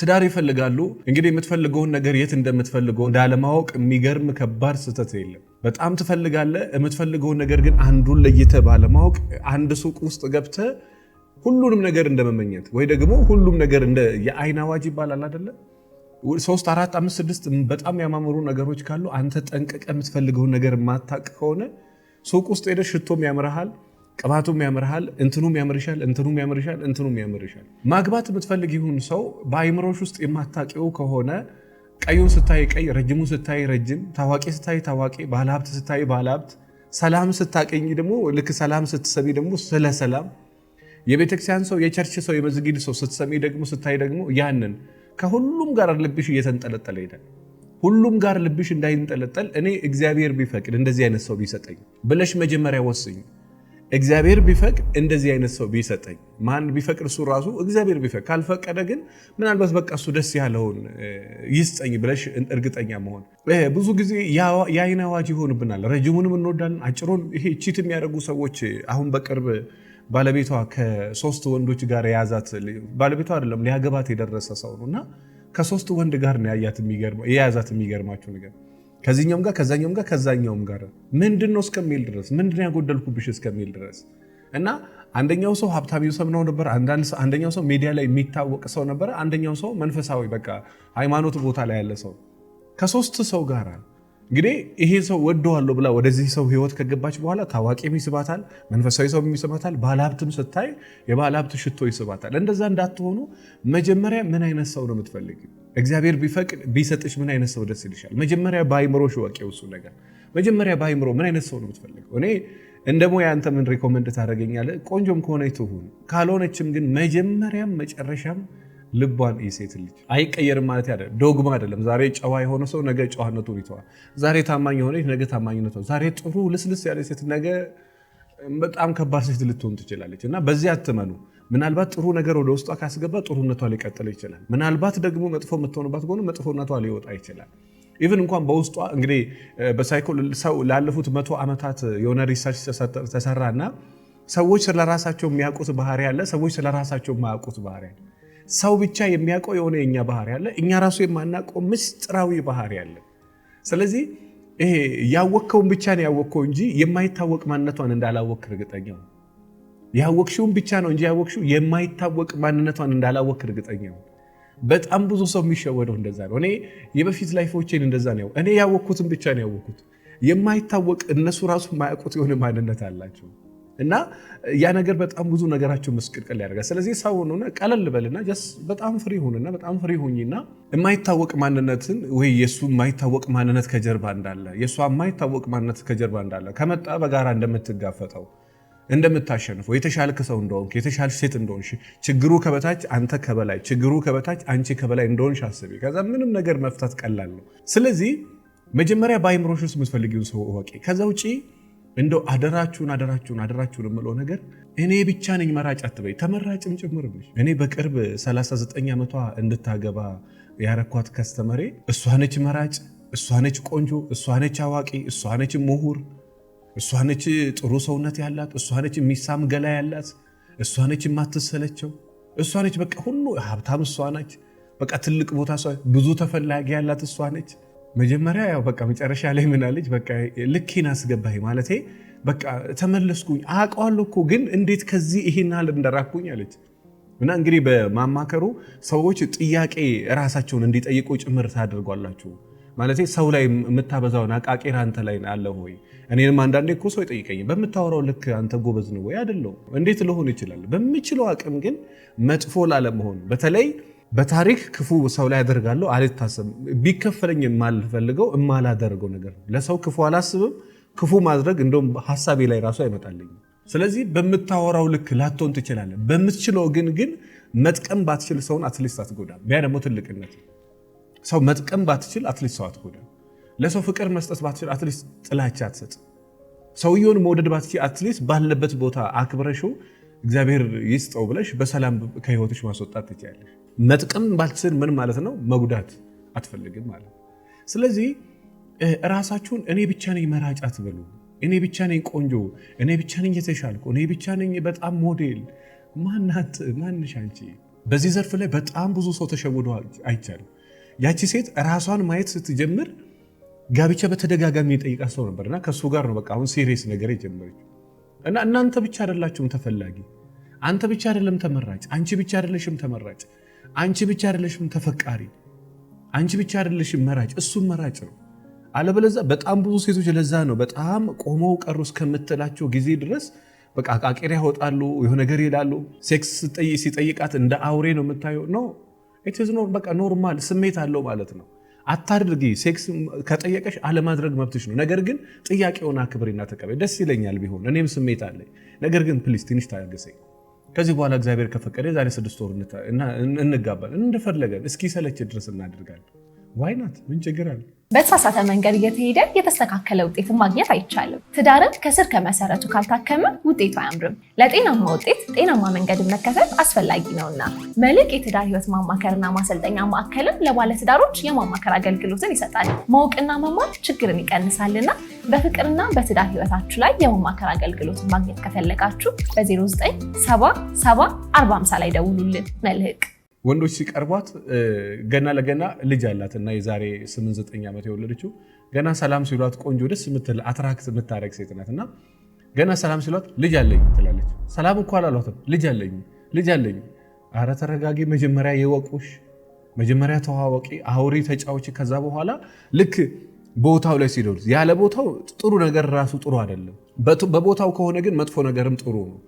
ትዳር ይፈልጋሉ። እንግዲህ የምትፈልገውን ነገር የት እንደምትፈልገው እንዳለማወቅ የሚገርም ከባድ ስህተት የለም። በጣም ትፈልጋለህ። የምትፈልገውን ነገር ግን አንዱን ለይተህ ባለማወቅ አንድ ሱቅ ውስጥ ገብተህ ሁሉንም ነገር እንደመመኘት ወይ ደግሞ ሁሉም ነገር እንደ የአይን አዋጅ ይባላል አይደለ? ሶስት አራት አምስት ስድስት በጣም ያማምሩ ነገሮች ካሉ አንተ ጠንቅቀህ የምትፈልገውን ነገር የማታውቅ ከሆነ ሱቅ ውስጥ ሄደህ ሽቶም ያምርሃል ቅባቱም ያምርሃል፣ እንትኑም ያምርሻል፣ እንትኑም ያምርሻል፣ እንትኑም ያምርሻል። ማግባት የምትፈልግ ይሁን ሰው በአይምሮች ውስጥ የማታውቂው ከሆነ ቀዩን ስታይ ቀይ፣ ረጅሙ ስታይ ረጅም፣ ታዋቂ ስታይ ታዋቂ፣ ባለሀብት ስታይ ባለሀብት፣ ሰላም ስታቀኝ ደግሞ ልክ ሰላም ስትሰሚ ደግሞ ስለ ሰላም የቤተክርስቲያን ሰው የቸርች ሰው የመዝጊድ ሰው ስትሰሚ ደግሞ ስታይ ደግሞ ያንን ከሁሉም ጋር ልብሽ እየተንጠለጠለ ይሄዳል። ሁሉም ጋር ልብሽ እንዳይንጠለጠል እኔ እግዚአብሔር ቢፈቅድ እንደዚህ አይነት ሰው ቢሰጠኝ ብለሽ መጀመሪያ ወስኝ። እግዚአብሔር ቢፈቅድ እንደዚህ አይነት ሰው ቢሰጠኝ፣ ማን ቢፈቅድ እሱ ራሱ እግዚአብሔር ቢፈቅድ፣ ካልፈቀደ ግን ምናልባት በቃ እሱ ደስ ያለውን ይስጠኝ ብለሽ እርግጠኛ መሆን። ብዙ ጊዜ የአይን አዋጅ ይሆንብናል። ረጅሙንም እንወዳለን፣ አጭሮን ይሄ ቺት የሚያደርጉ ሰዎች አሁን በቅርብ ባለቤቷ ከሶስት ወንዶች ጋር የያዛት ባለቤቷ አይደለም ሊያገባት የደረሰ ሰው ነው እና ከሶስት ወንድ ጋር ነው የያዛት። ነገር ከዚህኛውም ጋር ከዛኛውም ጋር ከዛኛውም ጋር ምንድን ነው እስከሚል ድረስ ምንድን ያጎደልኩብሽ እስከሚል ድረስ እና አንደኛው ሰው ሀብታም ሰው ነው ነበር። አንደኛው ሰው ሜዲያ ላይ የሚታወቅ ሰው ነበር። አንደኛው ሰው መንፈሳዊ በቃ ሃይማኖት ቦታ ላይ ያለ ሰው ከሶስት ሰው ጋር እንግዲህ ይሄ ሰው ወደዋለሁ ብላ ወደዚህ ሰው ህይወት ከገባች በኋላ ታዋቂ ይስባታል፣ መንፈሳዊ ሰው ይስባታል፣ ባለሀብትም ስታይ የባለሀብት ሽቶ ይስባታል። እንደዛ እንዳትሆኑ መጀመሪያ ምን አይነት ሰው ነው የምትፈልግ? እግዚአብሔር ቢፈቅድ ቢሰጥሽ ምን አይነት ሰው ደስ ይልሻል? መጀመሪያ በአይምሮሽ ሽወቅ የውሱ ነገር መጀመሪያ በአይምሮ ምን አይነት ሰው ነው የምትፈልገው? እኔ እንደ ሞያ አንተ ምን ሪኮመንድ ታደርገኛለህ? ቆንጆም ከሆነ ትሁን፣ ካልሆነችም ግን መጀመሪያም መጨረሻም ልቧን የሴት ልጅ አይቀየርም ማለት ያለ ዶግማ አይደለም። ዛሬ ጨዋ የሆነ ሰው ነገ ጨዋነቱን ይተዋል። ዛሬ ታማኝ የሆነች ነገ ታማኝነቷ፣ ዛሬ ጥሩ ልስልስ ያለ ሴት ነገ በጣም ከባድ ሴት ልትሆን ትችላለች እና በዚህ አትመኑ። ምናልባት ጥሩ ነገር ወደ ውስጧ ካስገባ ጥሩነቷ ሊቀጥል ይችላል። ምናልባት ደግሞ መጥፎ የምትሆንባት ከሆነ መጥፎነቷ ሊወጣ ይችላል። ኢቨን እንኳን በውስጧ እንግዲህ በሳይኮ ሰው ላለፉት መቶ ዓመታት የሆነ ሪሰርች ተሰራና ሰዎች ስለራሳቸው የሚያውቁት ባህሪ አለ፣ ሰዎች ስለራሳቸው የማያውቁት ባህሪ አለ። ሰው ብቻ የሚያውቀው የሆነ የኛ ባህሪ አለ፣ እኛ ራሱ የማናውቀው ምስጢራዊ ባህሪ አለ። ስለዚህ ይሄ ያወቅከውን ብቻ ነው ያወቅከው እንጂ የማይታወቅ ማንነቷን እንዳላወቅ ነው። ያወቅሽውን ብቻ ነው እንጂ ያወቅሽው የማይታወቅ ማንነቷን እንዳላወቅ እርግጠኛ ነው። በጣም ብዙ ሰው የሚሸወደው እንደዛ ነው። እኔ የበፊት ላይፎቼን እንደዛ ነው። እኔ ያወቅኩትን ብቻ ነው ያወቅኩት። የማይታወቅ እነሱ ራሱ የማያውቁት የሆነ ማንነት አላቸው እና ያ ነገር በጣም ብዙ ነገራቸው መስቅልቅል ያደርጋል። ስለዚህ ሰው ሆነ ቀለል በልና በጣም ፍሪ ሁንና በጣም ፍሪ ሁኝና የማይታወቅ ማንነትን ወይ የእሱ የማይታወቅ ማንነት ከጀርባ እንዳለ የእሷ የማይታወቅ ማንነት ከጀርባ እንዳለ ከመጣ በጋራ እንደምትጋፈጠው እንደምታሸንፈ የተሻልክ ሰው እንደሆንክ የተሻልሽ ሴት እንደሆንሽ ችግሩ ከበታች አንተ ከበላይ ችግሩ ከበታች አንቺ ከበላይ እንደሆንሽ አስቢ። ከዛ ምንም ነገር መፍታት ቀላል ነው። ስለዚህ መጀመሪያ በአይምሮሽ ውስጥ የምትፈልጊውን ሰው እወቂ። ከዛ ውጪ እንደው አደራችሁን አደራችሁን አደራችሁን የምለው ነገር እኔ ብቻ ነኝ መራጭ አትበይ፣ ተመራጭም ጭምር ነሽ። እኔ በቅርብ 39 ዓመቷ እንድታገባ ያረኳት ከስተመሬ እሷነች መራጭ፣ እሷነች ቆንጆ፣ እሷነች አዋቂ፣ እሷነች ምሁር እሷ ነች ጥሩ ሰውነት ያላት፣ እሷ ነች የሚሳም ገላ ያላት፣ እሷ ነች የማትሰለቸው፣ እሷ ነች በቃ ሁሉ ሀብታም እሷ ነች። በቃ ትልቅ ቦታ ብዙ ተፈላጊ ያላት እሷ ነች። መጀመሪያ ያው በቃ መጨረሻ ላይ ምናለች፣ በቃ ልኬን አስገባኝ ማለት በቃ ተመለስኩኝ። አውቀዋለሁ እኮ ግን እንዴት ከዚህ ይሄን ያህል እንደራኩኝ አለች። እና እንግዲህ በማማከሩ ሰዎች ጥያቄ ራሳቸውን እንዲጠይቁ ጭምር ታደርጓላችሁ። ማለት ሰው ላይ የምታበዛውን አቃቂር አንተ ላይ አለ ወይ? እኔንም አንዳንዴ እኮ ሰው ይጠይቀኝ በምታወራው ልክ አንተ ጎበዝ ነው ወይ አይደለሁም? እንዴት ልሆን ይችላል? በምችለው አቅም ግን መጥፎ ላለመሆን በተለይ በታሪክ ክፉ ሰው ላይ አደርጋለሁ አልታሰብም። ቢከፈለኝ የማልፈልገው የማላደርገው ነገር ለሰው ክፉ አላስብም። ክፉ ማድረግ እንደውም ሀሳቤ ላይ ራሱ አይመጣልኝ። ስለዚህ በምታወራው ልክ ላትሆን ትችላለህ። በምትችለው ግን ግን መጥቀም ባትችል ሰውን አትሊስት አትጎዳም። ያ ደግሞ ትልቅነት ነው። ሰው መጥቀም ባትችል አትሊስት ሰው አትጎዳም። ለሰው ፍቅር መስጠት ባትችል አትሊስት ጥላቻ አትሰጥ። ሰውየውን መውደድ ባትችል አትሊስት ባለበት ቦታ አክብረሽው እግዚአብሔር ይስጠው ብለሽ በሰላም ከህይወትሽ ማስወጣት ትችያለሽ። መጥቀም ባትችል ምን ማለት ነው? መጉዳት አትፈልግም ማለት ነው። ስለዚህ ራሳችሁን እኔ ብቻ ነኝ መራጭ አትበሉ። እኔ ብቻ ነኝ ቆንጆ፣ እኔ ብቻ ነኝ የተሻልኩ፣ እኔ ብቻ ነኝ በጣም ሞዴል። ማናት ማንሽ አንቺ? በዚህ ዘርፍ ላይ በጣም ብዙ ሰው ተሸውዶ አይቻልም። ያቺ ሴት ራሷን ማየት ስትጀምር ጋብቻ በተደጋጋሚ የጠይቃ ሰው እና ከእሱ ጋር ነው በቃ አሁን ሲሪየስ ነገር የጀመረችው። እና እናንተ ብቻ አይደላችሁም ተፈላጊ፣ አንተ ብቻ አይደለም ተመራጭ፣ አንቺ ብቻ አይደለሽም ተመራጭ፣ አንቺ ብቻ አይደለሽም ተፈቃሪ፣ አንቺ ብቻ አይደለሽም መራጭ፣ እሱም መራጭ ነው። አለበለዚያ በጣም ብዙ ሴቶች ለዛ ነው በጣም ቆመው ቀሩ እስከምትላቸው ጊዜ ድረስ በቃ ቃቂር ያወጣሉ፣ የሆነ ነገር ይላሉ። ሴክስ ሲጠይቃት እንደ አውሬ ነው የምታየው ነው በቃ ኖርማል ስሜት አለው ማለት ነው። አታድርጊ ሴክስ ከጠየቀሽ አለማድረግ መብትሽ ነው። ነገር ግን ጥያቄውን አክብሪና ተቀበይ። ደስ ይለኛል ቢሆን እኔም ስሜት አለኝ፣ ነገር ግን ፕሊስ ትንሽ ታገሰኝ። ከዚህ በኋላ እግዚአብሔር ከፈቀደ ዛሬ ስድስት ወር እንጋባል፣ እንደፈለገን እስኪ ሰለች ድረስ እናደርጋለን። ዋይናት ምን ችግር አለ? በተሳሳተ መንገድ እየተሄደ የተስተካከለ ውጤትን ማግኘት አይቻልም። ትዳርን ከስር ከመሰረቱ ካልታከመ ውጤቱ አያምርም። ለጤናማ ውጤት ጤናማ መንገድን መከተል አስፈላጊ ነውና መልሕቅ የትዳር ህይወት ማማከርና ማሰልጠኛ ማዕከልም ለባለትዳሮች የማማከር አገልግሎትን ይሰጣል። ማወቅና መማር ችግርን ይቀንሳልና በፍቅርና በትዳር ህይወታችሁ ላይ የማማከር አገልግሎትን ማግኘት ከፈለጋችሁ በ0977 450 ላይ ደውሉልን። መልሕቅ ወንዶች ሲቀርቧት ገና ለገና ልጅ አላት እና የዛሬ 89 ዓመት የወለደችው ገና ሰላም ሲሏት ቆንጆ ደስ የምትል አትራክት የምታደረግ ሴት ናት እና ገና ሰላም ሲሏት ልጅ አለኝ ትላለች። ሰላም እኮ አላሏትም። ልጅ አለኝ ልጅ አለኝ። አረ ተረጋጊ፣ መጀመሪያ የወቁሽ፣ መጀመሪያ ተዋወቂ፣ አውሪ፣ ተጫዎች። ከዛ በኋላ ልክ ቦታው ላይ ሲደርስ ያለ ቦታው ጥሩ ነገር ራሱ ጥሩ አይደለም። በቦታው ከሆነ ግን መጥፎ ነገርም ጥሩ ነው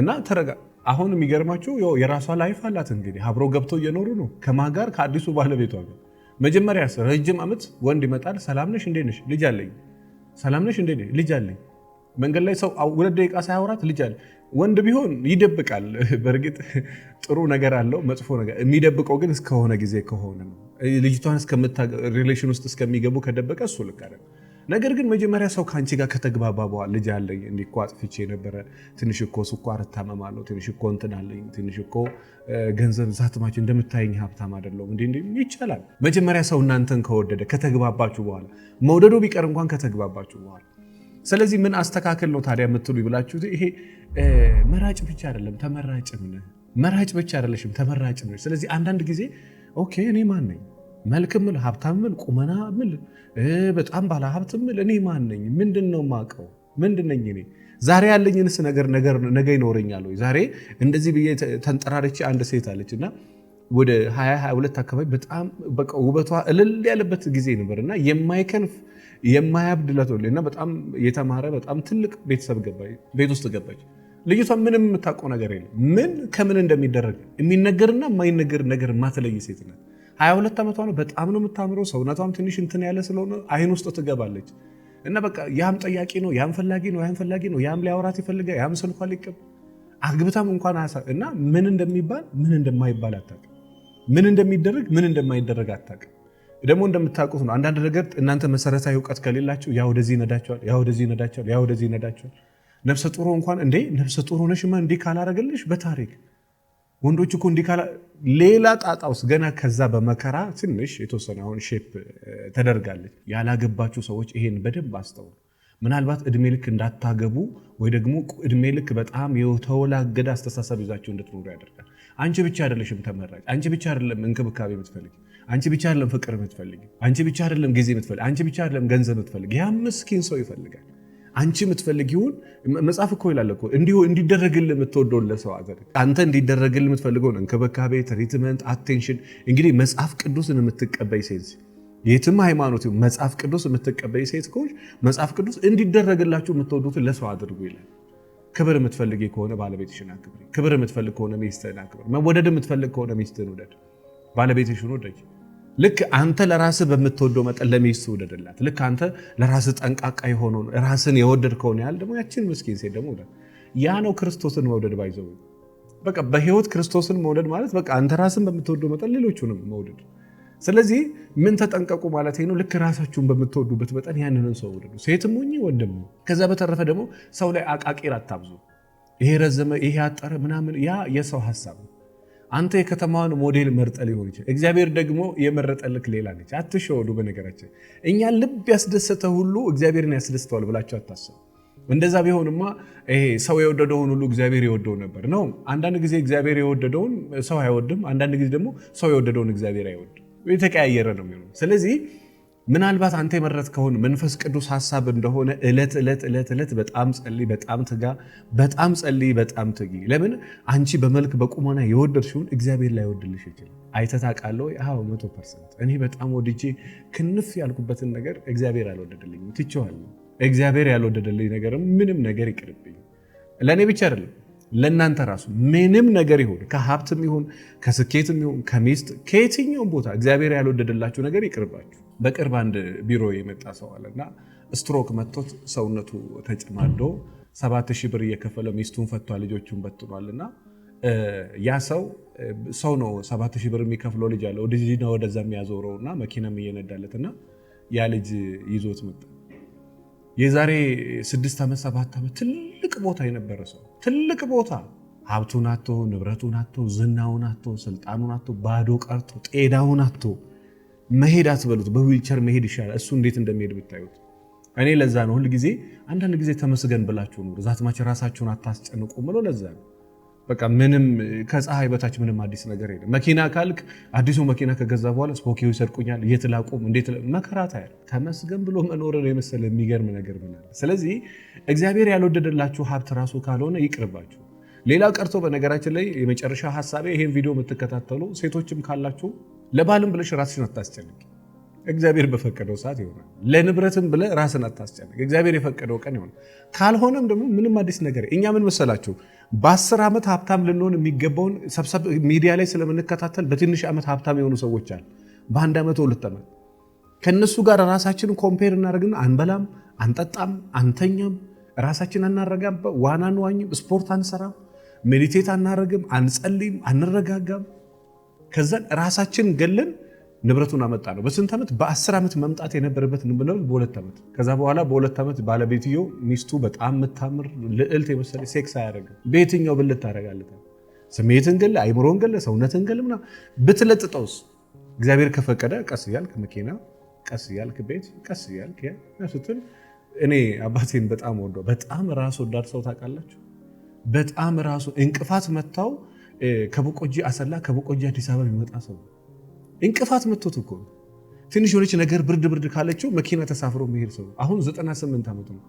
እና ተረጋ አሁን የሚገርማችሁ የራሷ ላይፍ አላት። እንግዲህ አብሮ ገብተው እየኖሩ ነው። ከማ ጋር? ከአዲሱ ባለቤቷ ጋር። መጀመሪያ ረጅም ዓመት ወንድ ይመጣል። ሰላም ነሽ? እንዴት ነሽ? ልጅ አለኝ። ሰላም ነሽ? እንዴት ነሽ? ልጅ አለኝ። መንገድ ላይ ሰው ሁለት ደቂቃ ሳያወራት ልጅ አለ። ወንድ ቢሆን ይደብቃል። በእርግጥ ጥሩ ነገር አለው፣ መጥፎ ነገር የሚደብቀው ግን እስከሆነ ጊዜ ከሆነ ልጅቷን ሪሌሽን ውስጥ እስከሚገቡ ከደበቀ እሱ ልክ አይደለም። ነገር ግን መጀመሪያ ሰው ከአንቺ ጋር ከተግባባ በኋላ ልጅ አለኝ እንዲህ አጥፍቼ ነበረ፣ ትንሽ እኮ ስኳር እታመማለሁ፣ ትንሽ እኮ እንትን አለኝ፣ ትንሽ እኮ ገንዘብ ዛትማቸው እንደምታየኝ ሀብታም አይደለሁም እንዲ ይቻላል። መጀመሪያ ሰው እናንተን ከወደደ ከተግባባችሁ በኋላ መውደዶ ቢቀር እንኳን ከተግባባችሁ በኋላ ስለዚህ ምን አስተካከል ነው ታዲያ የምትሉ ይብላችሁ። ይሄ መራጭ ብቻ አይደለም ተመራጭም ነህ። መራጭ ብቻ አይደለሽም ተመራጭም ነሽ። ስለዚህ አንዳንድ ጊዜ ኦኬ እኔ ማን ነኝ መልክ ምል ሀብታም ምል ቁመና ምል በጣም ባለ ሀብት ምል እኔ ማን ነኝ? ምንድን ነው ማቀው? ምንድን ነኝ እኔ? ዛሬ ያለኝንስ ነገር ነገ ይኖረኛል ወይ? ዛሬ እንደዚህ ብዬ ተንጠራርቼ አንድ ሴት አለች እና ወደ 22 አካባቢ በጣም በቃ ውበቷ እልል ያለበት ጊዜ ነበር እና የማይከንፍ የማያብድ እና በጣም የተማረ በጣም ትልቅ ቤተሰብ ቤት ውስጥ ገባች። ልጅቷ ምንም የምታውቀው ነገር የለም። ምን ከምን እንደሚደረግ የሚነገርና የማይነገር ነገር ማትለይ ሴት ናት። 22 ዓመቷ ነው። በጣም ነው የምታምረው። ሰውነቷም ትንሽ እንትን ያለ ስለሆነ አይን ውስጥ ትገባለች እና በቃ ያም ጠያቂ ነው፣ ያም ፈላጊ ነው፣ ያም ፈላጊ ነው፣ ያም ሊያወራት ይፈልጋል፣ ያም ስልኳ ሊቀብ አግብታም እንኳን እና ምን እንደሚባል ምን እንደማይባል አታውቅም። ምን እንደሚደረግ ምን እንደማይደረግ አታውቅም። ደግሞ እንደምታውቁት ነው አንዳንድ ነገር እናንተ መሰረታዊ እውቀት ከሌላችሁ ያ ወደዚህ ይነዳቸዋል፣ ያ ወደዚህ ይነዳቸዋል፣ ያ ወደዚህ ይነዳቸዋል። ነፍሰ ጡሮ እንኳን እንዴ ነፍሰ ጡሮ ነሽማ እንዲህ ካላረገልሽ በታሪክ ወንዶች እኮ እንዲህ ሌላ ጣጣ ውስጥ ገና ከዛ በመከራ ትንሽ የተወሰነ አሁን ሼፕ ተደርጋለች። ያላገባችሁ ሰዎች ይሄን በደንብ አስተውሉ። ምናልባት እድሜ ልክ እንዳታገቡ ወይ ደግሞ እድሜ ልክ በጣም የተወላገደ አስተሳሰብ ይዛችሁ እንድትኖሩ ያደርጋል። አንቺ ብቻ አይደለሽም ተመራጭ፣ አንቺ ብቻ አይደለም እንክብካቤ የምትፈልግ፣ አንቺ ብቻ አይደለም ፍቅር የምትፈልግ፣ አንቺ ብቻ አይደለም ጊዜ የምትፈልግ፣ አንቺ ብቻ አይደለም ገንዘብ የምትፈልግ። ያ ምስኪን ሰው ይፈልጋል አንቺ የምትፈልጊውን መጽሐፍ እኮ ይላል እኮ እንዲሁ እንዲደረግል የምትወደውን ለሰው አገር አንተ እንዲደረግል የምትፈልገውን እንክብካቤ፣ ትሪትመንት፣ አቴንሽን እንግዲህ መጽሐፍ ቅዱስን የምትቀበይ ሴት የትም ሃይማኖት መጽሐፍ ቅዱስ የምትቀበይ ሴት ከሆንሽ መጽሐፍ ቅዱስ እንዲደረግላችሁ የምትወዱትን ለሰው አድርጉ ይላል። ክብር የምትፈልግ ከሆነ ባለቤትሽን አክብሪ። ክብር የምትፈልግ ከሆነ ሚስትህን አክብር። መወደድ የምትፈልግ ከሆነ ሚስትህን ውደድ። ባለቤትሽን ውደድ። ልክ አንተ ለራስህ በምትወደው መጠን ለሚስት ውደድላት። ልክ አንተ ለራስህ ጠንቃቃ የሆነው ራስን የወደድ ከሆነ ያህል ደግሞ ያችን ምስኪን ሴት ደግሞ ውደድ። ያ ነው ክርስቶስን መውደድ። ባይዘው በቃ በህይወት ክርስቶስን መውደድ ማለት በቃ አንተ ራስን በምትወደው መጠን ሌሎቹንም መውደድ። ስለዚህ ምን ተጠንቀቁ ማለት ነው። ልክ ራሳችሁን በምትወዱበት መጠን ያንንን ሰው ውደዱ፣ ሴትም ሆኜ ወንድም። ከዛ በተረፈ ደግሞ ሰው ላይ አቃቂር አታብዙ። ይሄ ረዘመ፣ ይሄ አጠረ ምናምን፣ ያ የሰው ሀሳብ ነው። አንተ የከተማዋን ሞዴል መርጠ ሊሆን ይችላል። እግዚአብሔር ደግሞ የመረጠልክ ሌላ ነች። አትሸወዱ። በነገራችን እኛ ልብ ያስደሰተ ሁሉ እግዚአብሔርን ያስደስተዋል ብላችሁ አታስቡ። እንደዛ ቢሆንማ ይሄ ሰው የወደደውን ሁሉ እግዚአብሔር የወደው ነበር ነው። አንዳንድ ጊዜ እግዚአብሔር የወደደውን ሰው አይወድም፣ አንዳንድ ጊዜ ደግሞ ሰው የወደደውን እግዚአብሔር አይወድም። የተቀያየረ ነው የሚሆነው። ስለዚህ ምናልባት አንተ የመረጥከውን መንፈስ ቅዱስ ሀሳብ እንደሆነ እለት እለት እለት እለት በጣም ጸልይ፣ በጣም ትጋ፣ በጣም ጸልይ፣ በጣም ትጊ። ለምን አንቺ በመልክ በቁመና የወደድሽውን እግዚአብሔር ላይ ወድልሽ ይችላል። አይተህ ታውቃለህ ወይ? አዎ መቶ ፐርሰንት። እኔ በጣም ወድጄ ክንፍ ያልኩበትን ነገር እግዚአብሔር አልወደደልኝም፣ ትቼዋለሁ። እግዚአብሔር ያልወደደልኝ ነገር ምንም ነገር ይቅርብኝ። ለእኔ ብቻ አይደለም ለእናንተ ራሱ ምንም ነገር ይሁን ከሀብትም ይሁን ከስኬትም ይሁን ከሚስት ከየትኛውም ቦታ እግዚአብሔር ያልወደደላችሁ ነገር ይቅርባችሁ። በቅርብ አንድ ቢሮ የመጣ ሰው እና ስትሮክ መጥቶት ሰውነቱ ተጨማዶ ሰባት ሺህ ብር እየከፈለ ሚስቱን ፈቷል፣ ልጆቹን በትኗልና ያ ሰው ሰው ነው ሰባት ሺህ ብር የሚከፍለው ልጅ አለው ወደዛ እና መኪናም እና ያ ልጅ ይዞት መጣ። የዛሬ ስድስት ዓመት ሰባት ዓመት ትልቅ ቦታ የነበረ ሰው ትልቅ ቦታ ሀብቱን አቶ ንብረቱን አቶ ዝናውን አቶ ስልጣኑን አቶ ባዶ ቀርቶ ጤናውን አቶ መሄድ አትበሉት፣ በዊልቸር መሄድ ይሻላል። እሱ እንዴት እንደሚሄድ ብታዩት። እኔ ለዛ ነው ሁል ጊዜ አንዳንድ ጊዜ ተመስገን ብላችሁ ኑሩ። ዛትማች ራሳችሁን አታስጨንቁ ምሎ ለዛ ነው በቃ ምንም ከፀሐይ በታች ምንም አዲስ ነገር የለም። መኪና ካልክ አዲሱ መኪና ከገዛ በኋላ ስፖኪ ይሰርቁኛል፣ የት ላቁም፣ እንዴት መከራታ ያለ ተመስገን ብሎ መኖርን የመሰለ የሚገርም ነገር ምናለ። ስለዚህ እግዚአብሔር ያልወደደላችሁ ሀብት ራሱ ካልሆነ ይቅርባችሁ። ሌላ ቀርቶ በነገራችን ላይ የመጨረሻ ሀሳቤ ይሄን ቪዲዮ የምትከታተሉ ሴቶችም ካላችሁ ለባልም ብለሽ ራስሽን አታስጨንቂ። እግዚአብሔር በፈቀደው ሰዓት ይሆናል። ለንብረትም ብለ ራስን አታስጨንቅ። እግዚአብሔር የፈቀደው ቀን ይሆናል። ካልሆነም ደግሞ ምንም አዲስ ነገር እኛ ምን መሰላችሁ በአስር ዓመት ሀብታም ልንሆን የሚገባውን ሰብሰብ ሚዲያ ላይ ስለምንከታተል በትንሽ ዓመት ሀብታም የሆኑ ሰዎች አሉ። በአንድ ዓመት ሁለት ዓመት ከእነሱ ጋር ራሳችንን ኮምፔር እናደርግን፣ አንበላም፣ አንጠጣም፣ አንተኛም፣ ራሳችን አናረጋም፣ ዋና አንዋኝም፣ ስፖርት አንሰራም፣ ሜዲቴት አናረግም፣ አንጸልይም፣ አንረጋጋም። ከዛን ራሳችን ገለን ንብረቱን አመጣ ነው። በስንት ዓመት? በአስር ዓመት መምጣት የነበረበት ንብረት በሁለት ዓመት። ከዛ በኋላ በሁለት ዓመት ባለቤትዮ ሚስቱ በጣም የምታምር ልዕልት የመሰለ ሴክስ አያደርግም። በየትኛው ብልት ታደርጋለታል? ስሜትን ገለ፣ አይምሮን ገለ፣ ሰውነትን ገለ ምናምን ብትለጥጠውስ? እግዚአብሔር ከፈቀደ ቀስ እያልክ መኪና፣ ቀስ እያልክ ቤት፣ ቀስ እያልክ ስትል እኔ አባቴን በጣም ወዶ በጣም ራሱ ወዳድ ሰው ታውቃላችሁ። በጣም ራሱ እንቅፋት መታው። ከቦቆጂ አሰላ ከቦቆጂ አዲስ አበባ የሚመጣ ሰው እንቅፋት መቶት እኮ ትንሽ የሆነች ነገር ብርድ ብርድ ካለችው መኪና ተሳፍሮ መሄድ ሰው አሁን 98 ዓመቱ ነው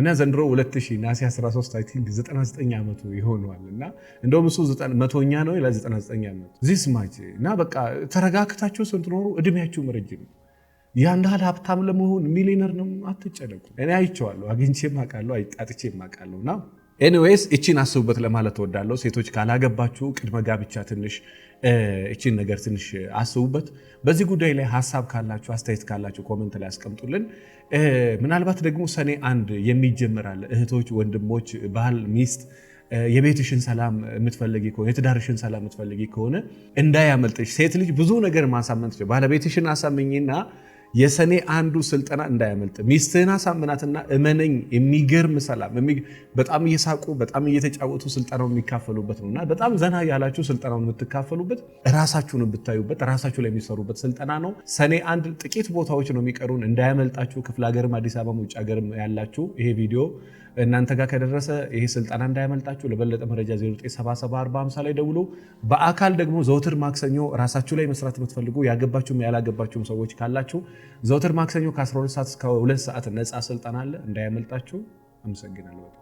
እና ዘንድሮ 2000 ናሴ 13 አይ ቲንክ 99 ዓመቱ ይሆነዋል። እና እንደውም እሱ መቶኛ ነው ይላል 99 ዓመቱ ዚስ ማች እና በቃ ተረጋግታችሁ ስትኖሩ እድሜያችሁ ረጅም ያን ያህል ሀብታም ለመሆን ሚሊነር ነው አትጨነቁ። እኔ አይቼዋለሁ፣ አግኝቼም አውቃለሁ፣ አጣጥቼም አውቃለሁ እና ኤኒዌይስ እቺን አስቡበት ለማለት እወዳለሁ። ሴቶች ካላገባችሁ ቅድመ ጋብቻ ትንሽ እቺን ነገር ትንሽ አስቡበት። በዚህ ጉዳይ ላይ ሀሳብ ካላችሁ አስተያየት ካላችሁ ኮመንት ላይ ያስቀምጡልን። ምናልባት ደግሞ ሰኔ አንድ የሚጀምራል። እህቶች፣ ወንድሞች፣ ባል፣ ሚስት የቤትሽን ሰላም የምትፈልጊ ከሆነ የትዳርሽን ሰላም የምትፈልጊ ከሆነ እንዳያመልጥሽ። ሴት ልጅ ብዙ ነገር ማሳመን ትችል። ባለቤትሽን አሳምኝና የሰኔ አንዱ ስልጠና እንዳያመልጥ። ሚስትህን አሳምናትና እመነኝ፣ የሚገርም ሰላም። በጣም እየሳቁ በጣም እየተጫወቱ ስልጠናው የሚካፈሉበት ነው እና በጣም ዘና ያላችሁ ስልጠናውን የምትካፈሉበት ራሳችሁን ብታዩበት ራሳችሁ ላይ የሚሰሩበት ስልጠና ነው። ሰኔ አንድ ጥቂት ቦታዎች ነው የሚቀሩን፣ እንዳያመልጣችሁ። ክፍለ ሀገርም አዲስ አበባም ውጭ ሀገርም ያላችሁ ይሄ ቪዲዮ እናንተ ጋር ከደረሰ ይሄ ስልጠና እንዳያመልጣችሁ። ለበለጠ መረጃ 0974 ላይ ደውሎ በአካል ደግሞ ዘውትር ማክሰኞ ራሳችሁ ላይ መስራት የምትፈልጉ ያገባችሁም ያላገባችሁም ሰዎች ካላችሁ ዘውትር ማክሰኞ ከ12 ሰዓት እስከ 2 ሰዓት ነፃ ስልጠና አለ፣ እንዳያመልጣችሁ። አመሰግናለሁ።